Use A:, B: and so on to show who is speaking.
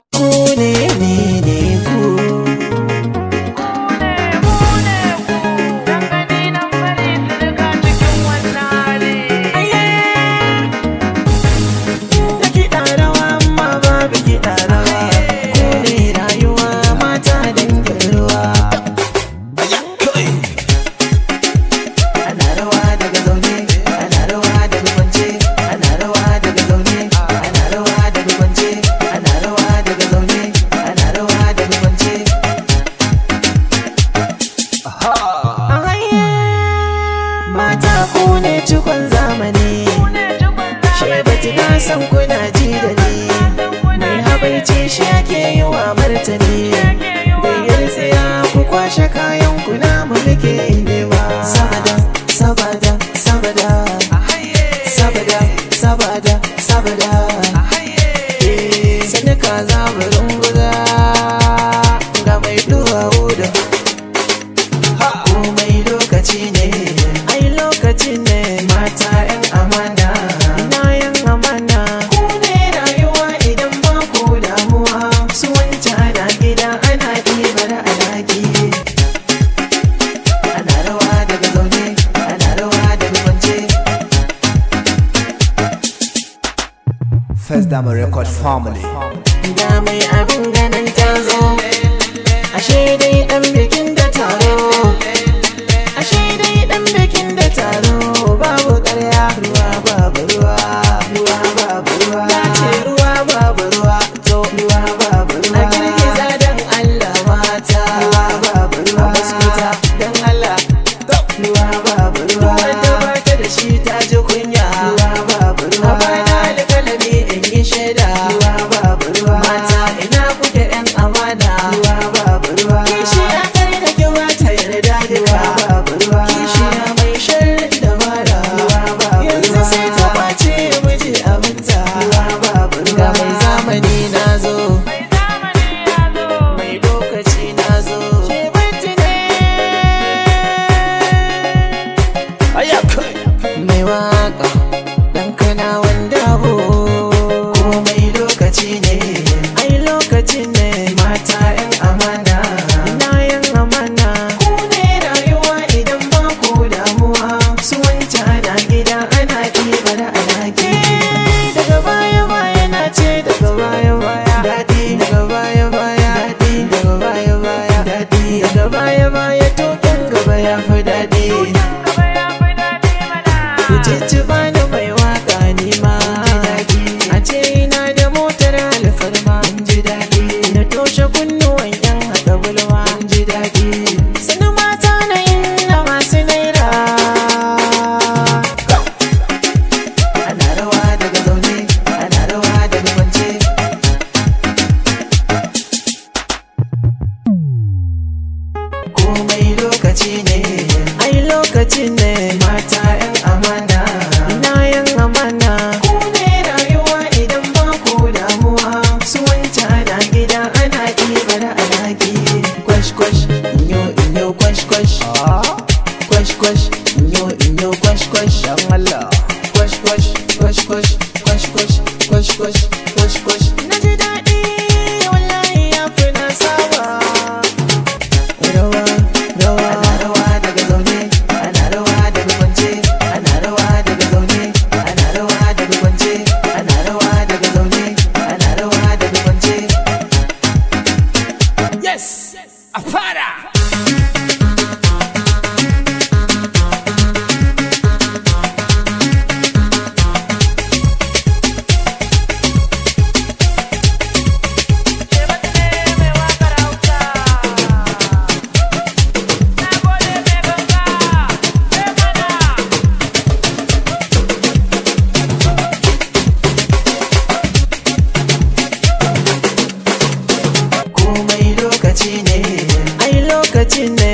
A: Aku nene cikon zamani shebati na san kuna ji da ni mai habaici shi ake yi wa martani da yarsa ya ku kwashe kaya First Diamond Record Family. Da mai abin ganin ta zo, ashe dai ɗan bikin da taro, to buy quench quench in inyo quench quench quench quench inyo inyo quench quench Allah quench quench quench quench quench quench quench quench quench quench Para! watching it.